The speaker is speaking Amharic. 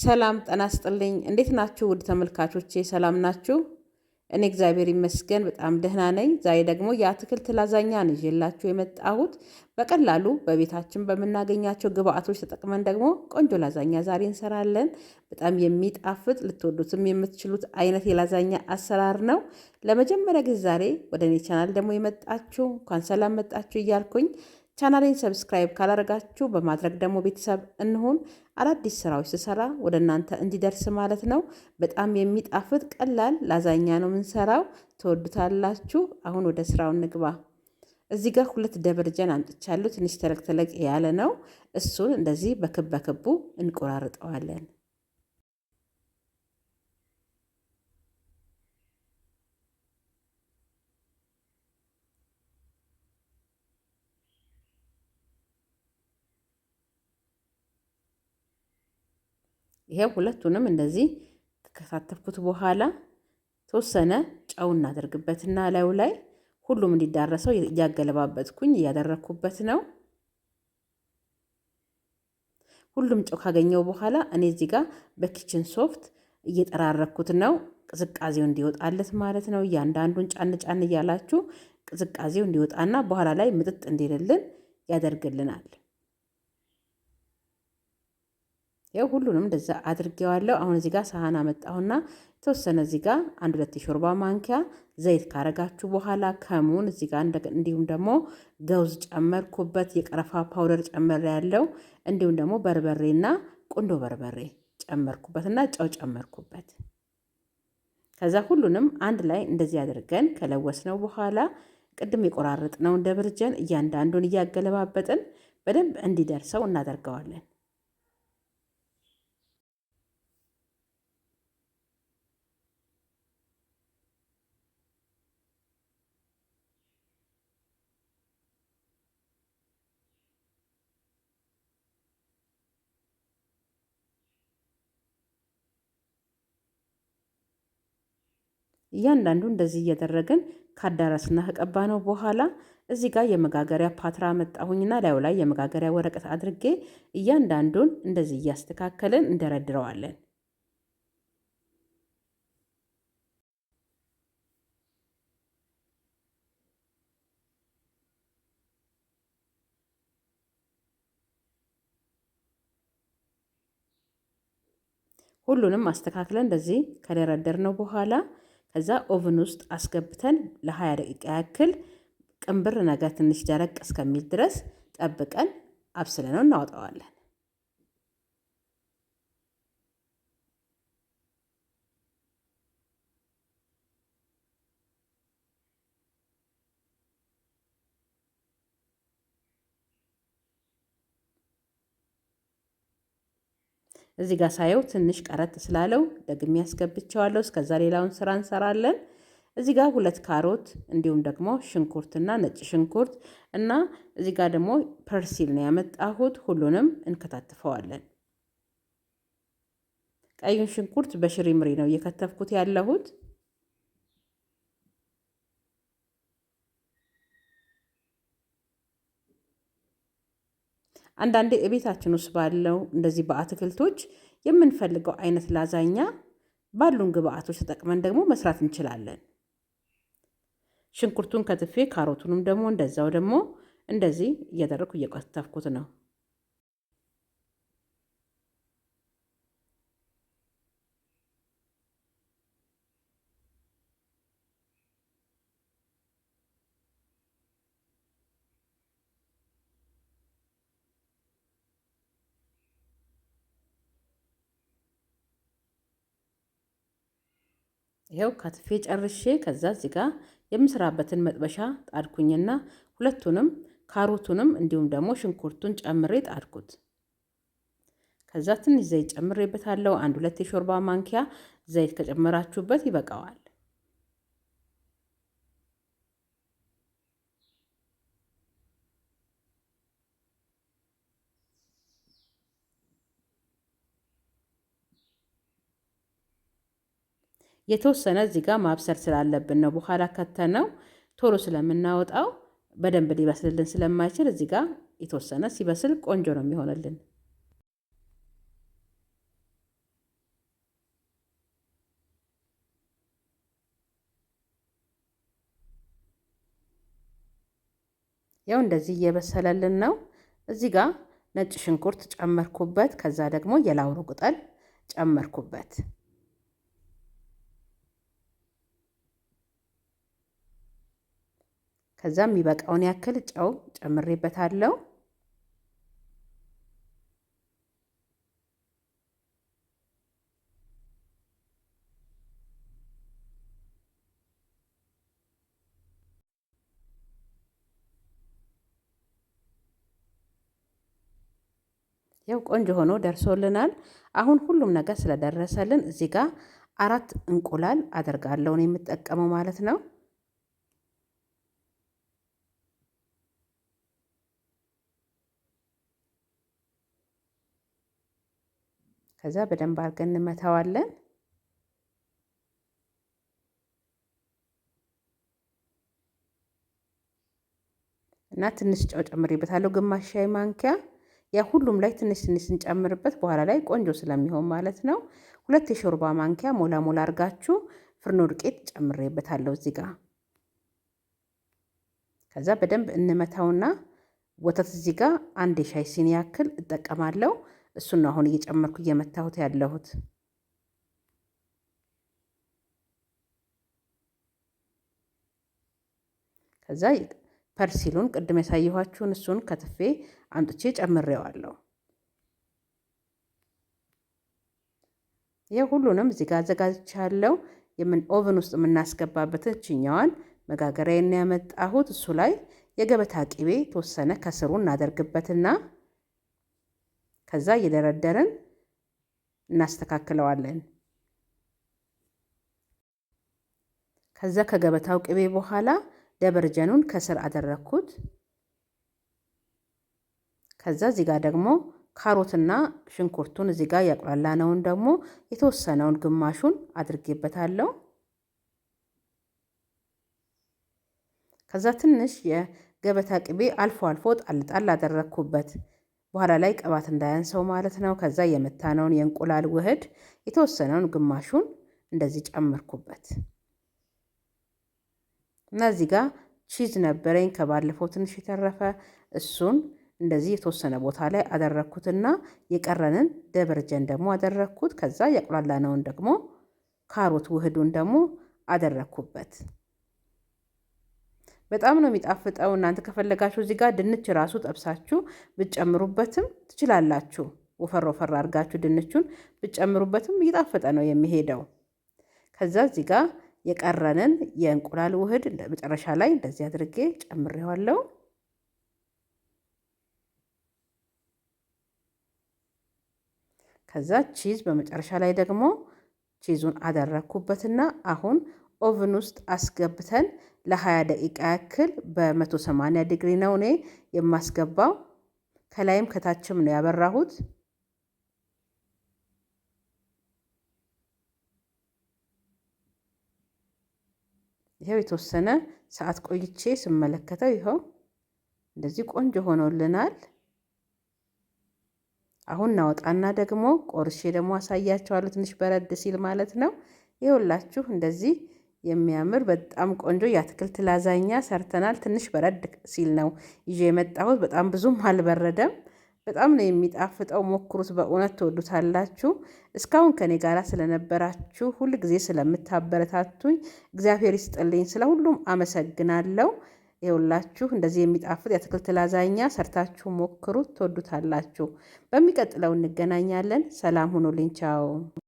ሰላም ጠና ስጥልኝ። እንዴት ናችሁ ውድ ተመልካቾቼ? ሰላም ናችሁ? እኔ እግዚአብሔር ይመስገን በጣም ደህና ነኝ። ዛሬ ደግሞ የአትክልት ላዛኛ ነው ይዤላችሁ የመጣሁት። በቀላሉ በቤታችን በምናገኛቸው ግብአቶች ተጠቅመን ደግሞ ቆንጆ ላዛኛ ዛሬ እንሰራለን። በጣም የሚጣፍጥ ልትወዱትም የምትችሉት አይነት የላዛኛ አሰራር ነው። ለመጀመሪያ ጊዜ ዛሬ ወደ እኔ ቻናል ደግሞ የመጣችሁ እንኳን ሰላም መጣችሁ እያልኩኝ ቻናሌን ሰብስክራይብ ካላደረጋችሁ በማድረግ ደግሞ ቤተሰብ እንሁን። አዳዲስ ስራዎች ስሰራ ወደ እናንተ እንዲደርስ ማለት ነው። በጣም የሚጣፍጥ ቀላል ላዛኛ ነው የምንሰራው፣ ትወዱታላችሁ። አሁን ወደ ስራው እንግባ። እዚህ ጋር ሁለት ደበርጀን አምጥቻለሁ። ትንሽ ተለቅተለቅ ያለ ነው። እሱን እንደዚህ በክብ በክቡ እንቆራርጠዋለን። ይሄው ሁለቱንም እንደዚህ ከከታተፍኩት በኋላ ተወሰነ ጨው እናደርግበትና ላዩ ላይ ሁሉም እንዲዳረሰው እያገለባበትኩኝ እያደረግኩበት ነው። ሁሉም ጨው ካገኘው በኋላ እኔ እዚህ ጋር በኪችን ሶፍት እየጠራረኩት ነው። ቅዝቃዜው እንዲወጣለት ማለት ነው። እያንዳንዱን ጫን ጫን እያላችሁ ቅዝቃዜው እንዲወጣና በኋላ ላይ ምጥጥ እንዲልልን ያደርግልናል። ያው ሁሉንም እንደዛ አድርጌዋለሁ። አሁን እዚህ ጋር ሳህን አመጣሁና የተወሰነ እዚህ ጋር አንድ ሁለት የሾርባ ማንኪያ ዘይት ካረጋችሁ በኋላ ከሙን እዚህ ጋር እንዲሁም ደግሞ ገውዝ ጨመርኩበት፣ የቀረፋ ፓውደር ጨመር ያለው እንዲሁም ደግሞ በርበሬና ቁንዶ በርበሬ ጨመርኩበትና ጨው ጨመርኩበት። ከዛ ሁሉንም አንድ ላይ እንደዚህ አድርገን ከለወስነው በኋላ ቅድም የቆራረጥነውን ደብርጀን እያንዳንዱን እያገለባበጥን በደንብ እንዲደርሰው እናደርገዋለን። እያንዳንዱ እንደዚህ እያደረግን ካዳረስና ከቀባ ነው በኋላ እዚህ ጋር የመጋገሪያ ፓትራ መጣሁኝና ላዩ ላይ የመጋገሪያ ወረቀት አድርጌ እያንዳንዱን እንደዚህ እያስተካከልን እንደረድረዋለን። ሁሉንም አስተካክለን እንደዚህ ከደረደር ነው በኋላ ከዛ ኦቭን ውስጥ አስገብተን ለ20 ደቂቃ ያክል ቅንብር ነገር ትንሽ ደረቅ እስከሚል ድረስ ጠብቀን አብስለነው እናወጣዋለን። እዚህ ጋር ሳየው ትንሽ ቀረጥ ስላለው ደግሜ ያስገብቸዋለሁ። እስከዛ ሌላውን ስራ እንሰራለን። እዚህ ጋር ሁለት ካሮት እንዲሁም ደግሞ ሽንኩርትና ነጭ ሽንኩርት እና እዚህ ጋር ደግሞ ፐርሲል ነው ያመጣሁት። ሁሉንም እንከታትፈዋለን። ቀዩን ሽንኩርት በሽሪምሪ ነው እየከተፍኩት ያለሁት። አንዳንዴ እቤታችን ውስጥ ባለው እንደዚህ በአትክልቶች የምንፈልገው አይነት ላዛኛ ባሉን ግብአቶች ተጠቅመን ደግሞ መስራት እንችላለን። ሽንኩርቱን ከትፌ ካሮቱንም ደግሞ እንደዛው ደግሞ እንደዚህ እያደረግኩ እየቆተፍኩት ነው። ይኸው ከትፌ ጨርሼ ከዛ እዚህ ጋር የምሰራበትን መጥበሻ ጣድኩኝና ሁለቱንም ካሮቱንም እንዲሁም ደግሞ ሽንኩርቱን ጨምሬ ጣድኩት። ከዛ ትንሽ ዘይት ጨምሬበታለሁ። አንድ ሁለት የሾርባ ማንኪያ ዘይት ከጨመራችሁበት ይበቃዋል። የተወሰነ እዚህ ጋር ማብሰል ስላለብን ነው። በኋላ ከተነው ቶሎ ስለምናወጣው በደንብ ሊበስልልን ስለማይችል እዚህ ጋር የተወሰነ ሲበስል ቆንጆ ነው የሚሆንልን። ያው እንደዚህ እየበሰለልን ነው። እዚህ ጋር ነጭ ሽንኩርት ጨመርኩበት። ከዛ ደግሞ የላውሩ ቅጠል ጨመርኩበት። ከዛ የሚበቃውን ያክል ጨው ጨምሬበታለሁ። ያው ቆንጆ ሆኖ ደርሶልናል። አሁን ሁሉም ነገር ስለደረሰልን እዚህ ጋር አራት እንቁላል አደርጋለሁ ነው የምጠቀመው ማለት ነው። ከዛ በደንብ አድርገን እንመታዋለን። እና ትንሽ ጨው ጨምሬበታለሁ፣ ግማሽ ሻይ ማንኪያ። ያ ሁሉም ላይ ትንሽ ትንሽ ስንጨምርበት በኋላ ላይ ቆንጆ ስለሚሆን ማለት ነው። ሁለት የሾርባ ማንኪያ ሞላ ሞላ አድርጋችሁ ፍርኖ ዱቄት ጨምሬበታለሁ እዚህ ጋር። ከዛ በደንብ እንመታውና ወተት እዚህ ጋር አንድ የሻይ ሲኒ ያክል እጠቀማለሁ። እሱን ነው አሁን እየጨመርኩ እየመታሁት ያለሁት። ከዛ ፐርሲሉን ቅድም ያሳየኋችሁን እሱን ከትፌ አምጥቼ ጨምሬዋለሁ። ይህ ሁሉንም እዚህ ጋር አዘጋጅቻለሁ። የምን ኦቨን ውስጥ የምናስገባበት እችኛዋን መጋገሪያ ያመጣሁት እሱ ላይ የገበታ ቂቤ ተወሰነ ከስሩ እናደርግበትና ከዛ እየደረደርን እናስተካክለዋለን። ከዛ ከገበታው ቅቤ በኋላ ደበርጀኑን ከስር አደረግኩት። ከዛ እዚህ ጋር ደግሞ ካሮትና ሽንኩርቱን እዚህ ጋር ያቁላላነውን ደግሞ የተወሰነውን ግማሹን አድርጌበታለሁ። ከዛ ትንሽ የገበታ ቅቤ አልፎ አልፎ ጣልጣል አደረግኩበት። በኋላ ላይ ቅባት እንዳያንሰው ማለት ነው። ከዛ የመታነውን የእንቁላል ውህድ የተወሰነውን ግማሹን እንደዚህ ጨመርኩበት እና እዚህ ጋር ቺዝ ነበረኝ ከባለፈው ትንሽ የተረፈ እሱን እንደዚህ የተወሰነ ቦታ ላይ አደረግኩትና የቀረንን ደበርጀን ደግሞ አደረግኩት። ከዛ ያቁላላነውን ደግሞ ካሮት ውህዱን ደግሞ አደረግኩበት። በጣም ነው የሚጣፍጠው። እናንተ ከፈለጋችሁ እዚህ ጋር ድንች ራሱ ጠብሳችሁ ብትጨምሩበትም ትችላላችሁ። ወፈር ወፈር አድርጋችሁ ድንቹን ብትጨምሩበትም እየጣፈጠ ነው የሚሄደው። ከዛ እዚህ ጋር የቀረንን የእንቁላል ውህድ መጨረሻ ላይ እንደዚህ አድርጌ ጨምሬዋለሁ። ከዛ ቺዝ በመጨረሻ ላይ ደግሞ ቺዙን አደረግኩበትና አሁን ኦቭን ውስጥ አስገብተን ለ20 ደቂቃ ያክል በ180 ዲግሪ ነው እኔ የማስገባው። ከላይም ከታችም ነው ያበራሁት። ይኸው የተወሰነ ሰዓት ቆይቼ ስመለከተው ይኸው እንደዚህ ቆንጆ ሆኖልናል። አሁን እናወጣና ደግሞ ቆርሼ ደግሞ አሳያቸዋለሁ። ትንሽ በረድ ሲል ማለት ነው። ይኸውላችሁ እንደዚህ የሚያምር በጣም ቆንጆ የአትክልት ላዛኛ ሰርተናል። ትንሽ በረድ ሲል ነው ይዤ የመጣሁት። በጣም ብዙም አልበረደም። በጣም ነው የሚጣፍጠው። ሞክሩት፣ በእውነት ትወዱታላችሁ። እስካሁን ከኔ ጋር ስለነበራችሁ፣ ሁል ጊዜ ስለምታበረታቱኝ እግዚአብሔር ይስጥልኝ። ስለ ሁሉም አመሰግናለሁ። ይኸውላችሁ እንደዚህ የሚጣፍጥ የአትክልት ላዛኛ ሰርታችሁ ሞክሩት፣ ትወዱታላችሁ። በሚቀጥለው እንገናኛለን። ሰላም ሁኑልኝ። ቻው